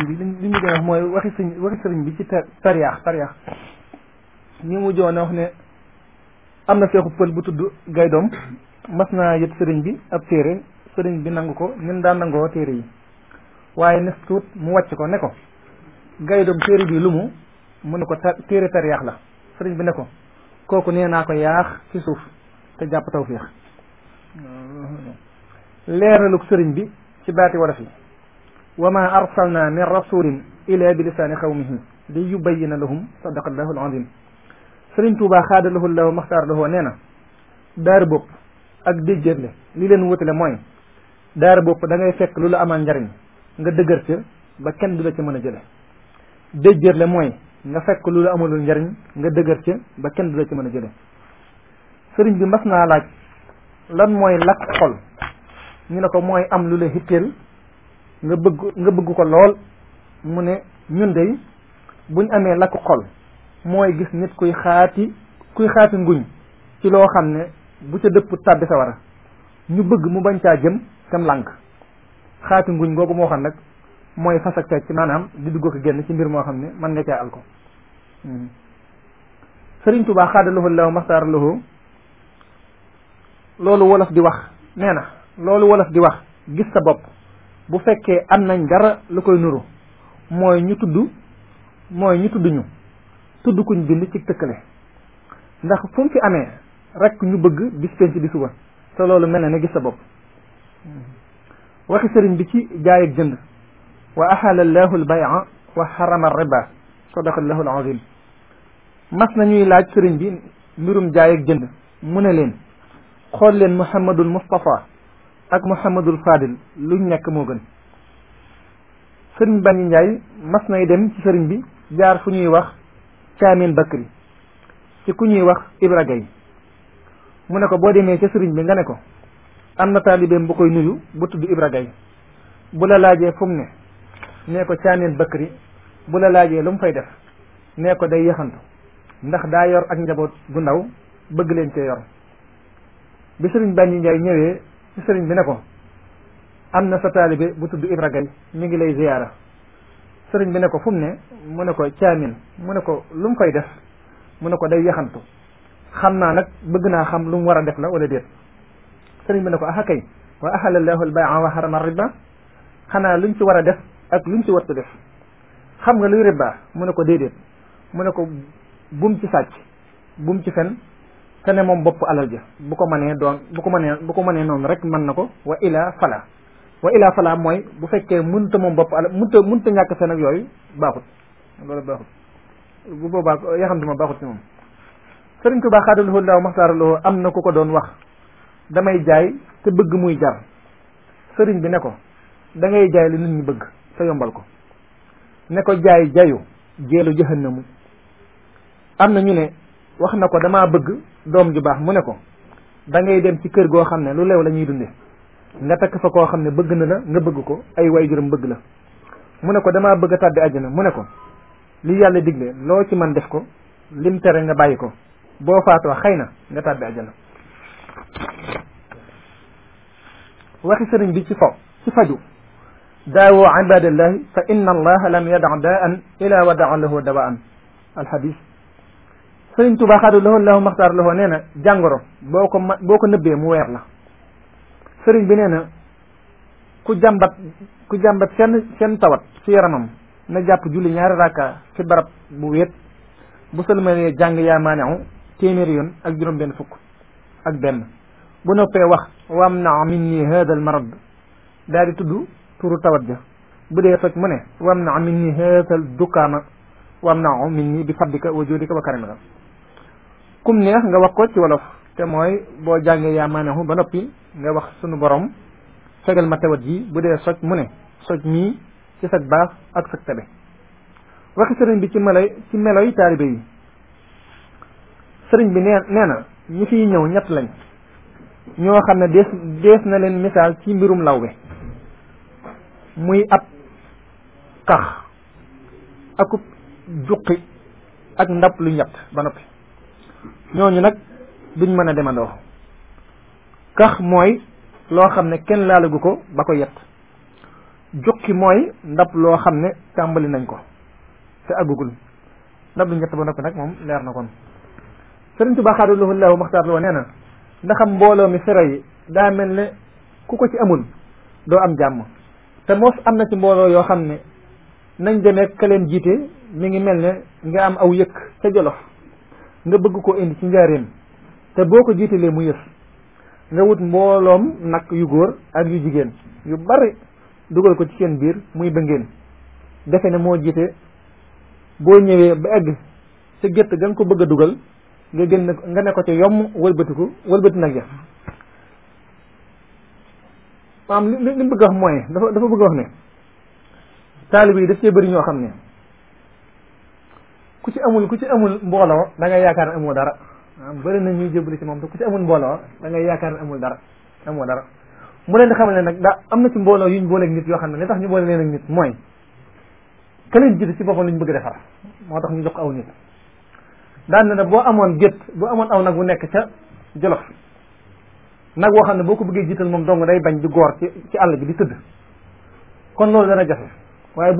sëriñ bi li ñu doon wax mooy waxi sëriñ waxi sëriñ bi ci tariyaax tariyaax ñi mu joon wax ne am na seexu pël bu tudd gaydoom mas naa yët sëriñ bi ak téere sëriñ bi nangu ko nin daan nangoo téere yi waaye nes tuut mu wàcc ko ne ko gaydoom téere bi lu mu mu ne ko téere tariyaax la sëriñ bi ne ko kooku nee naa ko yaax ci suuf te jàpp tawféex leeraluk sëriñ bi ci baati wolof yi wa ma arsalna min rasulin ila bi lisaani xawmihi li yubayina lahum sadaqallahu alazim sëriñ tuuba xaadalahu llahu maxtaar lahu nee na daar bopp ak déjjétle li leen wutale mooy daar bopp da ngay fekk lu la amal njariñ nga dëgër ca ba kenn du la ci mën a jële déjjétle mooy nga fekk lu la amalul njariñ nga dëgër ca ba kenn du la ci mën a jële sëriñ bi mas naa laaj lan mooy lakk xol ñu ne ko mooy am lu la hitteel nga bëgg nga bëgg ko lool mu ne ñun dey buñ amee lakk xol mooy gis nit kuy xaati kuy xaati nguñ ci loo xam ne bu ca dëpp tàbbi sa war a ñu bëgg mu bañ caa jëm tam lànk xaati nguñ boobu moo xam nag mooy fas ak fecc maanaam di dugg ko génn ci mbir moo xam ne mën nga caa al ko hmm. sëriñ tubaa xaadalahu law maxtaar lahu loolu wolof di wax nee na loolu wolof di wax gis sa bopp bu fekkee am nañ dara lu koy nuru mooy ñu tudd mooy ñu tudd tudd kuñ bind ci tëkkale ndax fu mu fi amee rek ñu bëgg bis di suba te loolu mel na ne gis sa bopp waxi sëriñ bi ci jaay ak jënd wa axala allahu albaya wa xarama riba sadaqa allahu alazim mas nañuy laaj sëriñ bi mbirum jaay ak jënd mu ne leen xool leen muhammadul mustafa ak Mouhamadul Fadil luñ nekk moo gën sëriñ Bani Njaay mas nay dem ci sëriñ bi jaar fu ñuy wax Caamin Bakri ci ku ñuy wax Ibra Gay mu ne ko boo demee ca sëriñ bi nga ne ko am na taalibeem bu koy nuyu bu tudd Ibra Gay bu la laajee fu ne nee ko Caamin Bakri bu la laajee lu mu fay def nee ko day yaxantu ndax daa yor ak njaboot gu ndaw bëgg leen cee yor bi sëriñ Bani ñëwee sëriñ bi ne ko am na sa taalibe bu tudd Ibra Gaye mi ngi lay ziyaara sëriñ bi ne ko fu mu ne mu ne ko caamin mu ne ko lu mu koy def mu ne ko day yaxantu xam naa nag bëgg naa xam lu mu war a def la wala déet sëriñ bi ne ko aha kay wa ahalallahu al-bay'a wa harrama riba xanaa luñ ci war a def ak luñ ci war a def xam nga luy riba mu ne ko déedéet mu ne ko bum ci sàcc bum ci fen te ne moom bopp alal ja bu ko mënee doon bu ko manee bu ko manee noonu rek mën na ko wa ila fala wa ila fala mooy bu fekkee mënta moom bopp alal mënta mënta ñàkk seen ak yooyu baaxut loolu baaxut bu boobaa yaxam duma baaxut ci moom sëriñ Tuubaa xaadalahoo laaw maxtaaraloo am na ku ko doon wax damay jaay te bëgg muy jar sëriñ bi ne ko dangay ngay jaay li nit ñi bëgg te yombal ko ne ko jaay jayu jeelu jahannamu am na ñu ne wax na ko damaa bëgg doom ju baax mu ne ko dangay dem ci kër goo xam ne lu leew la ñuy dunde nga takk fa koo xam ne bëgg na la nga bëgg ko ay waajuram bëgg la mu ne ko damaa bëgg a tàbbi àjjana mu ne ko li yàlla digle loo ci man def ko lim tere nga bàyyi ko boo faatoo xëy na nga tàbbi àjjana waxi sëriñ bi ci fo ci faju daawoo ibadallahi fa inna allaha lam yada daan ila wadaa lahu dawaan alxadis sëriñ Tuubaa xaadu loxo lahu maxtaar loxo nee na jàngoro boo ko ma boo ko nëbbee mu weer la sëriñ bi nee na ku jàmbat ku jàmbat seen tawat ci yaramam na jàpp julli ñaari raaka fi barab bu wéet bu sëlmalee jàng yaa maanaam téeméeri ak juróom benn fukk ak benn bu noppee wax waam na minni hada al marad daal di tudd tawat ja bu dee fekk mu ne waam na minni hada al dukaama waam na minni bi fadlika wa juudika wa karimika kum neex nga wax ko ci wolof te mooy boo jàngee yaa maanaam ba noppi nga wax sunu boroom fegal ma tawat ji bu dee soj mu ne soj mii ci sag baax ak sag tabe waxi sëriñ bi ci melo ci meloy taalibe yi sëriñ bi nee nee na ñi fiy ñëw ñett lañ ñoo xam ne dees dees na leen misaal ci mbirum lawbe muy ab kax akub juqi ak ndab lu ñett ba noppi ñooñu nag duñ mën a demandoo kax mooy loo xam ne kenn laalagu ko ba ko yett jukki mooy ndab loo xam ne tàmbali nañ ko te àggugul ndab lu ñett ba noppi nag moom leer na kon sëriñ Tuubaa xaadalahu llaahu maxtaar loo nee na ndaxam mbooloo mi fero yi daa mel ne ku ko ci amul doo am jàmm te moos am na ci mbooloo yoo xam ne nañ demee ka jiite mi ngi mel ne nga am aw yëkk ca jolof nga bëgg ko indi ci njaareem te boo ko jiitalee mu yëf nga wut mbooloom nag yu góor ak yu jigéen yu bari dugal ko ci seen biir muy bëngeen defe ne moo jiite boo ñëwee ba egg sa gétt ga nga ko bëgg a dugal nga gën nga ne ko ca yomm wëlbatiku wëlbati nag ja maam li li mu bëgg a wax mooy dafa dafa bëgg wax ne taalib yi daf cee ñoo xam ne ku ci amul ku ci amul mbooloo da ngay yaakaar ne amoo dara am bëri na ñuy jébbalu ci moom te ku ci amul mbooloo da ngay yaakaar ne amul dara amoo dara mu leen di xamal ne nag daa am na ci mbooloo yuñ booleeg nit yoo xam ne li tax ñu boole leen nit mooy ka leen jiite ci boppam lañ bëgg defar moo tax ñu jox aw nit daan na ne boo amoon gétt boo amoon aw nag bu nekk ca jolof nag woo xam ne boo ko bëggee jiital moom dong day bañ di goor ci ci àll bi di tëdd kon loolu dana jafe waaye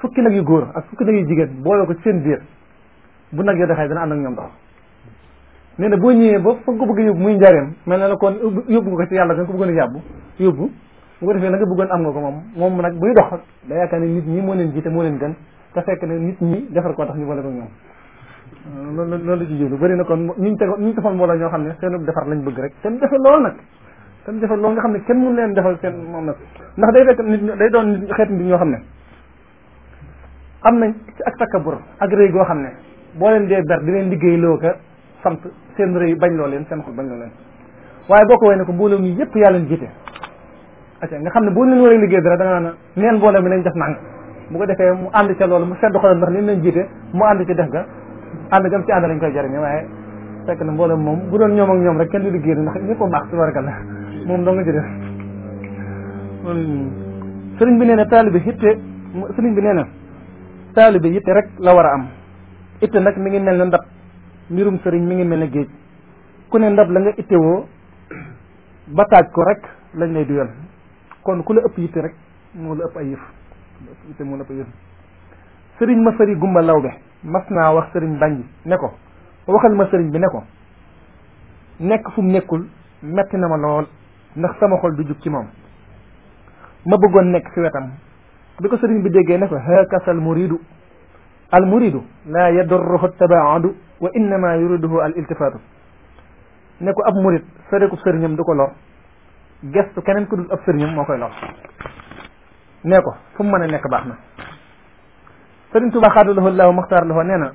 fukki nag yu góor ak fukki nag yu jigéen boole ko ci seen biir bu nag yoo dexee dana na ak ñoom dox nee na boo ñëwee ba fa nga ko bëgg yóbbu muy mel na la kon yóbbu nga ko ci yàlla da nga ko bëggoon yàbbu yóbbu bu ko defee la nga am nga ko moom moom nag buy dox da yaakaar ne nit ñi moo leen jiite moo leen gën te fekk nit ñi defar koo ñu boole ko ñoom loolu loolu la ci jublu bëri na kon ñuñ tegoon ñuñ tegoon mbooloo ñoo xam ne seenu defar lañ bëgg rek te mu defar loolu nag te mu defar loolu nga xam kenn mënu leen defal seen moom nag ndax day fekk nit doon bi ñoo xam ne am nañ ci ak takabur ak rëy goo xam ne boo leen dee ber di leen liggéey loo ko sant seen rëy bañ loo leen seen xol bañ loo leen waaye boo ko way ne ko mbooloo mi yëpp yàlla leen jiite acca nga xam ne boo leen war liggéey dara da nga naan neen mbooloo nañ def nang ko defee mu ànd ca loolu mu sedd xolam ndax liñ leen jiite mu ànd ci def ga ànd gam ci ànd lañ koy jariñe waaye fekk na mbooloo moom bu doon ñoom ak ñoom rek kenn du liggéey ndax ñëpp a baax tubaarkalla moom doo nga ci def sëriñ bi nee na taalibe hitte sëriñ bi nee na taalibe yitte rek la war a am itte nag mi ngi mel ne ndab mbirum sëriñ mi ngi mel ne géej ku ne ndab la nga ittewoo ba taaj ko rek lañ lay duyal kon ku la ëpp yitte rek moo la ëpp ay yëf sëriñ ma sëri gumba lawbe mas naa wax sëriñ bànji ne ko waxal ma sëriñ bi ne ko nekk fu mu nekkul metti na ma lool ndax sama xol du jub ci moom ma bëggoon nekk ci wetam bi ko sëriñ bi déggee ne ko haakasa al muridu al muridu laa yadurruhu tabaadu wa innama yuriduhu al iltifaatu ne ko ab murid soreeku sëriñam du ko lor gestu keneen ku dul ab sëriñam moo koy lor nee ko fu mu mën a nekk baax na sëriñ Tuubaa xaadalahu llaahu maxtaar lahu nee na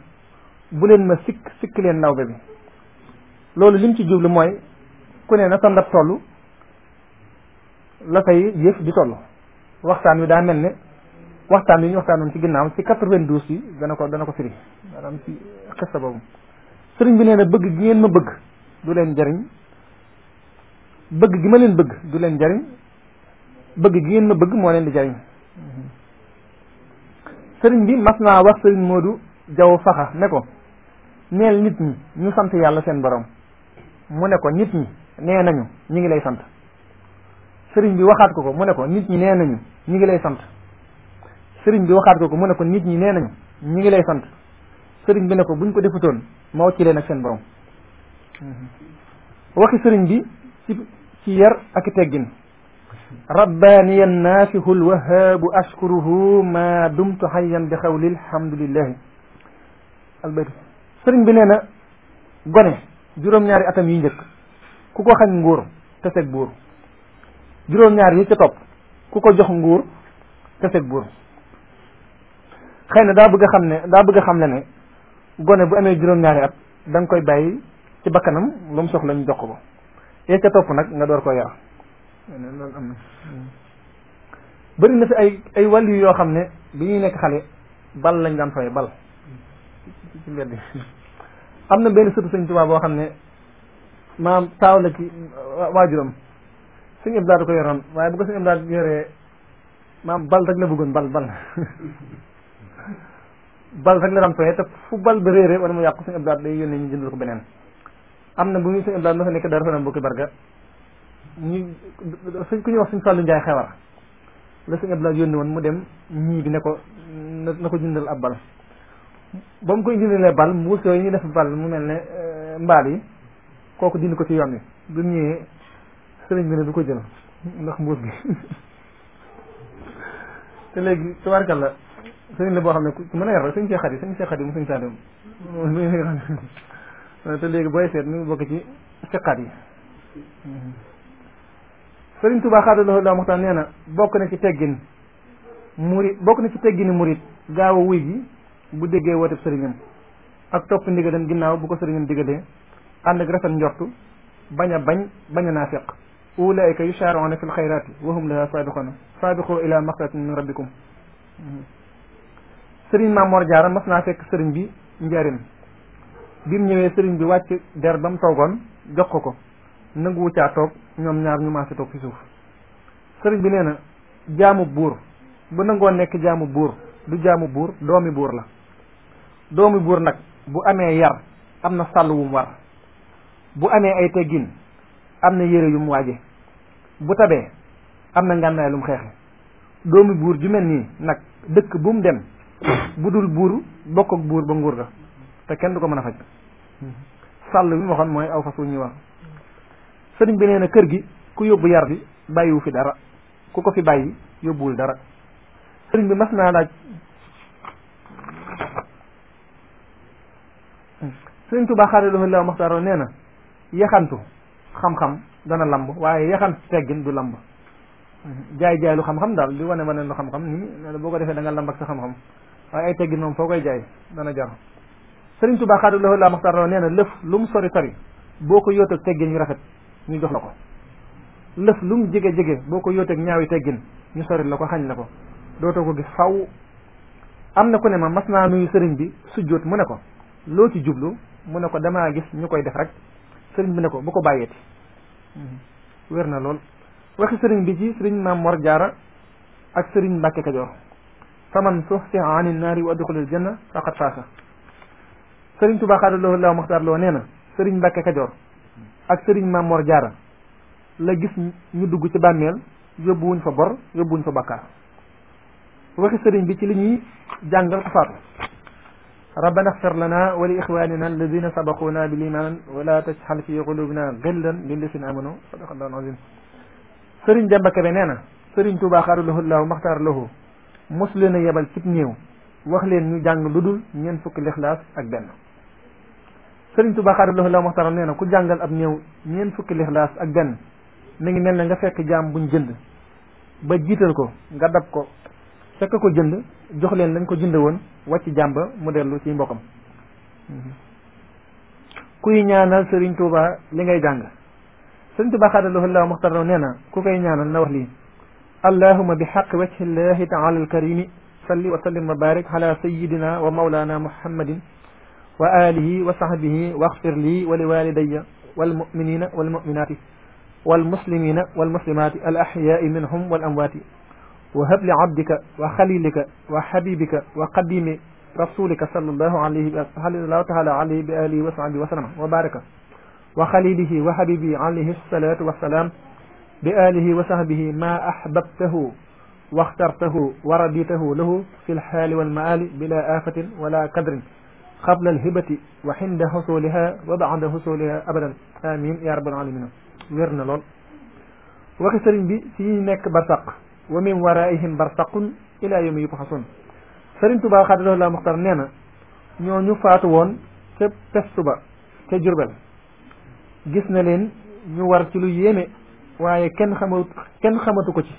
bu leen ma sikk sikk leen nawbe bi loolu lim ci jublu mooy ku ne na sa ndab toll la say yëf di toll waxtaan wi daa mel ne waxtaan wi ñu waxtaanoon ci ginnaaw ci 92 bi dana ko dana ko firi maanaam ci xista boobu sëriñ bi nee na bëgg gi ngeen ma bëgg du leen jariñ bëgg gi ma leen bëgg du leen jariñ bëgg gi ngeen ma bëgg moo leen di jariñ sëriñ bi mas naa wax sëriñ Modou Jaw Faxa ne ko neel nit ñi ñu sant yàlla seen borom mu ne ko nit ñi nee nañu ñu ngi lay sant sëriñ bi waxaat ko ko mu ne ko nit ñi nee nañu ñu ngi lay sant sëriñ bi waxaat ko ko mu ne ko nit ñi nee nañ ñu ngi lay sant sëriñ bi ne ko buñ ko defutoon ma wàcci seen borom mm-hmm. waxi sëriñ bi ci ci yar ak teggin rabbaaniya naafihu lwahaabu ashkuruhu ma dumtu hayyan bi xawli alhamdulillahi albaytu sëriñ bi nee na gone juróom-ñaari atam yi njëkk ku ko xañ nguur te buur juróom-ñaari yi ca topp ku ko jox nguur te buur xëy na daa bëgg a xam ne daa bëgg xam ne ne gone bu amee juróom-ñaari at da koy bàyyi ci bakkanam lu mu soxla ñu jox ko yee ca topp nag nga door ko yar loolu am na bëri na fi ay ay wàllu yoo xam ne bi ñuy nekk xale bal lañ daan fay bal ci mbedd am na benn sëtu sëñ Tuubaa boo xam ne maam taaw la ci waajuram suñu ëpp daal da ko yoroon waaye bu ko suñu ëpp daal yoree maam bal rek la bëggoon bal bal bal rek la ramtooyee te fu bal ba réeré wala mu yàqu suñu abdoulaye day beneen am na bu muy suñu abdoulaye ma fa nekk dara fa nam bokki barga ñu suñ ku ñuy wax suñu fàllu njaay xewar la suñu abdoulaye yónni woon mu dem ñii bi ne ko na ko jëndal ab bal ba mu koy jëndalee bal mbuus yooyu ñu def bal mu mel ne eh, mbaal yi kooku dindi ko ci yoon wi bu ñëwee sëriñ bi ne du ko jël ndax mbuus bi te léegi tubaarkal la sëriñ la boo xam ne ku mën a yar rek suñ see xat yi suñ see xat yi mu suñ saadim te léegi booy seet mi ngi bokk ci siqaat yi sëriñ Tuubaa xaadaloxo laa muxtaan nee na bokk na ci teggin murit bokk na ci teggini murit gaaw a wuy gi bu déggee wooteb sëriñam ak topp ndigalam ginnaaw bu ko sëriñam digalee ànd ak rafet njortu bañ a bañ bañ a naafiq ulaayika yushaaruna fi lxayraati wa hum laha saabiquna saabiqu ila maxratin min rabbikum sëriñ Mamor Jaara mas naa fekk sëriñ bi njariñ bi mu ñëwee sëriñ bi wàcc der ba mu toogoon jox ko ko nanguwu caa toog ñoom ñaar ñu maase toog fi suuf sëriñ bi nee na jaamu buur bu nangoo nekk jaamu buur du jaamu buur doomi buur la doomi buur nag bu amee yar am na sàll wu mu war bu amee ay teggin am na yére yu mu waaje bu tabee am na ngànnaay lu xeexe doomi buur ju mel nii nag dëkk bu dem bu dul buur bokk ak buur ba nguur ga te kenn du ko mën a faj sàll bi ma waxoon mooy aw fas wu ñuy wax sëriñ bi nee na kër gi ku yóbbu yar bi bàyyiwu fi dara ku ko fi bàyyi yóbbuwul dara sëriñ bi mas naa laaj sëriñ Tuubaa xaadimu Laahi maxtaar nee na yaxantu xam-xam dana lamb waaye yaxantu teggin du lamb jaay jaay lu xam-xam daal bi wane wane lu xam-xam nii boo ko defee da nga lamb ak sa xam-xam waaye ay teggin moom foo koy jaay dana jar sëriñ Tuubaa la loxo laa maxtaar nee na lëf lu mu sori sori boo ko yóoteeg teggin yu rafet ñu jox la ko lëf lu mu jege jege boo ko yóoteeg ñaawi teggin ñu sori la ko xañ la ko dootoo ko gis faw am na ku ne ma mas naa nuyu sëriñ bi sujjóot mu ne ko loo ci jublu mu ne ko damaa gis ñu koy def rek sëriñ bi ne ko bu ko bàyyeeti wér na lool waxi sëriñ bi ci sëriñ Maam Mor Jaara ak sëriñ Mbàkke Kajoor faman suxsiha ani naari wa adxulil janna faqad faasa sëriñ Tuubaa xaadaloo laaw maxtaar loo nee na sëriñ Mbàkke Kajoor ak sëriñ Mamor Jaara la gis ñu dugg ci bàmmeel yóbbuwuñ fa bor yóbbuwuñ fa bàkkaar waxi sëriñ bi ci li ñuy jàngal ku faatu rabbana xfir lana wa li ixwanina alladina sabaquna bil iman wala tajxal fi qulubina gillan lillasina amanu sadaqallahu alazim sëriñ Demba Kebe nee na sëriñ Tuubaa xaadaloo laaw maxtaar lahu mos leen a yebal cib néew wax leen ñu jàng lu dul ñeent fukki lixlaas ak benn sëriñ Tuubaa xaadimu la muxtaram nee na ku jàngal ab néew ñeent fukki lixlaas ak benn ngi mel ne nga fekk jaam buñ jënd ba jiital ko nga dab ko fekk ko jënd jox leen lañ ko jënd woon wàcc jaam ba mu dellu ci mbokkam kuy ñaanal sëriñ Tuubaa li ngay jàng sëriñ Tuubaa xaadimu la muxtaram nee na ku koy ñaanal na wax lii allahuma bi xaq wajhi llahi taala alkarimi salli wa sallim wa barik ala sayidina wa maulana muhammadin wa alihi wa sahbihi waxfir lii wa liwalidaya walmuminina walmuminati walmuslimina walmuslimati alaxyaai minhum walamwaati wa hab li abdika wa xalilika wa xabibika wa qadimi rasulika sallallahu alayhi sallallahu taala alayhi bi alihi wa sahbihi wa sallam wa baraka wa xalilihi wa xabibihi alayhi salatu wasalaam بآله وصحبه ما أحببته واخترته ورديته له في الحال والمآل بلا آفة ولا كدر قبل الهبة وحند حصولها وبعد حصولها أبدا آمين يا رب العالمين wérna lool waxi sëriñ bi ci ñi nekk barsaq wa min waraihim barsaqun ila yawmi yubxasun sëriñ Tuubaa xaadaloou la muxtar nee na ñooñu faatu woon ca pestu ba ca Jurbel gis na leen ñu war ci lu yéeme waaye kenn xamatu kenn xamatu ko ci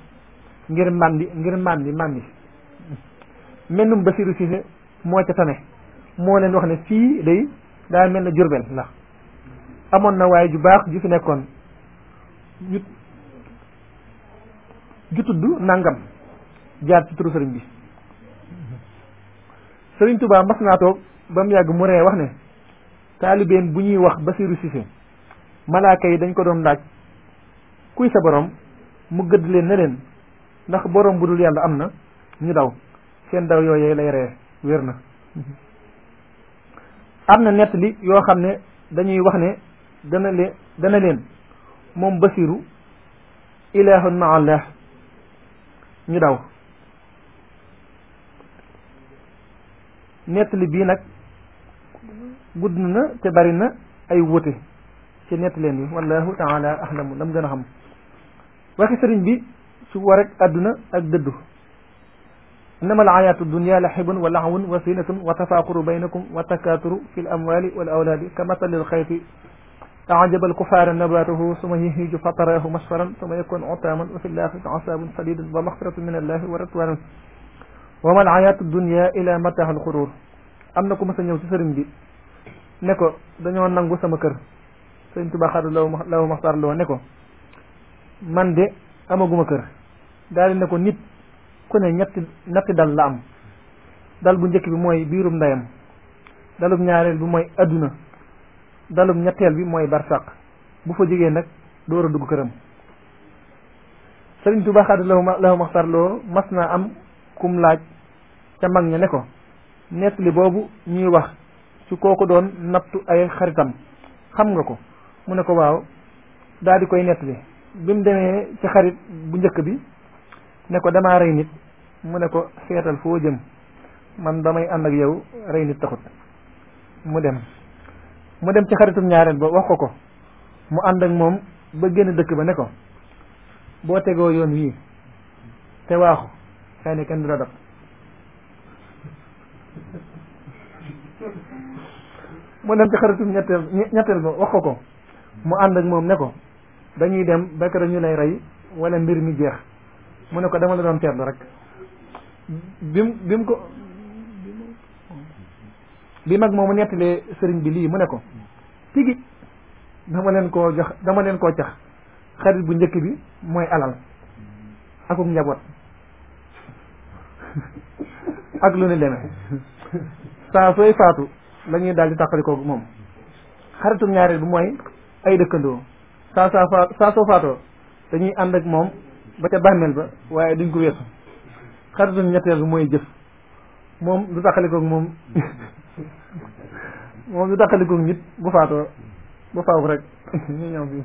ngir màndi ngir màndi màndi mennum Basiru Siise moo ca tane moo leen wax ne fii day daal mel ne Jurbel la amoon na waaye ju baax ju fi nekkoon ju tudd nangam jaar ci turu bi sëriñ Tuubaa mas naa ba mu yàgg mu ree wax ne taalibeen bu ñuy wax Basiru Siise malaaka yi dañ ko doon laaj kuy sa borom mu gëdd leen ne leen ndax borom bu dul yàlla am na ñu daw seen daw yooyee lay ree wér na am na nettali yoo xam ne dañuy wax ne dana leen dana leen moom basiru ilahun ma allah ñu daw nettali bii nag gudd na te bari na ay wóote ci nettaleen yi wallahu taala ahlamu lam gën a xam waxi sëriñ bi su war ak adduna ak dëddu innama alxayaatu dunia laxibun wa laxwun wa sinatun wa tafaaquru baynakum wa takaaturu fi l amwali wal awlaadi ka matali lxayti أعجب الكفار نباته ثم يهيج فتراه مصفرا ثم يكون عطاما وفي الآخرة عذاب شديد ومغفرة من الله ورضوان وما الحياة الدنيا إلى متاع الغرور am na ku mas a ñëw ci sëriñ bi ne ko dañoo nangu sama kër sëriñ Tuubaa Xaadimu Lahu Maxtaar Lo ne ko man de amaguma kër daal di ne ko nit ku ne ñetti ñetti dal la am dal bu njëkk bi mooy biirum ndeyam dalub ñaareel bi mooy àdduna dalub ñetteel bi mooy barsàq bu fa jógee nag door a dugg këram Sëriñ Tuubaa xaadi lahu maxtar loo mas naa am kum laaj ca mag ña ne ko nettali boobu ñuy wax ci kooku doon nattu ay xaritam xam nga ko mu ne ko waaw daal di koy nettali bi mu demee ci xarit bu njëkk bi ne ko damaa rey nit mu ne ko seetal foo jëm man damay ànd ak yow rey nit taxut mu dem mu dem ci xaritum ñaareel ba ko mu ànd moom ba dëkk ba ne ko boo tegoo yoon wii te waaxu xëy na kenn du la dab mu ba wax ko ko mu ànd ak moom ne ko dañuy dem ba keroog ñu lay rey wala mbir mi jeex mu ne ko dama la doon teetlu rek bi mu bi mu ko bi mag moomu nettalee sëriñ bi lii mu ne ko tigi dama leen koo jox dama leen koo cax xarit bu njëkk bi mooy alal akum njaboot ak lu ne demee saa sooy faatu la ñuy daal di tàqalikoogu moom xaritum ñaareel bi mooy ay dëkkandoo saa saa fa saa soo faatoo dañuy ànd ak moom ba ca bàmmeel ba waaye duñ ko weesu xaritum ñetteel bi mooy jëf moom du taqalikoog moom moom du taqalikoog nit bu faatoo ba faaw rek ñu ñëw bi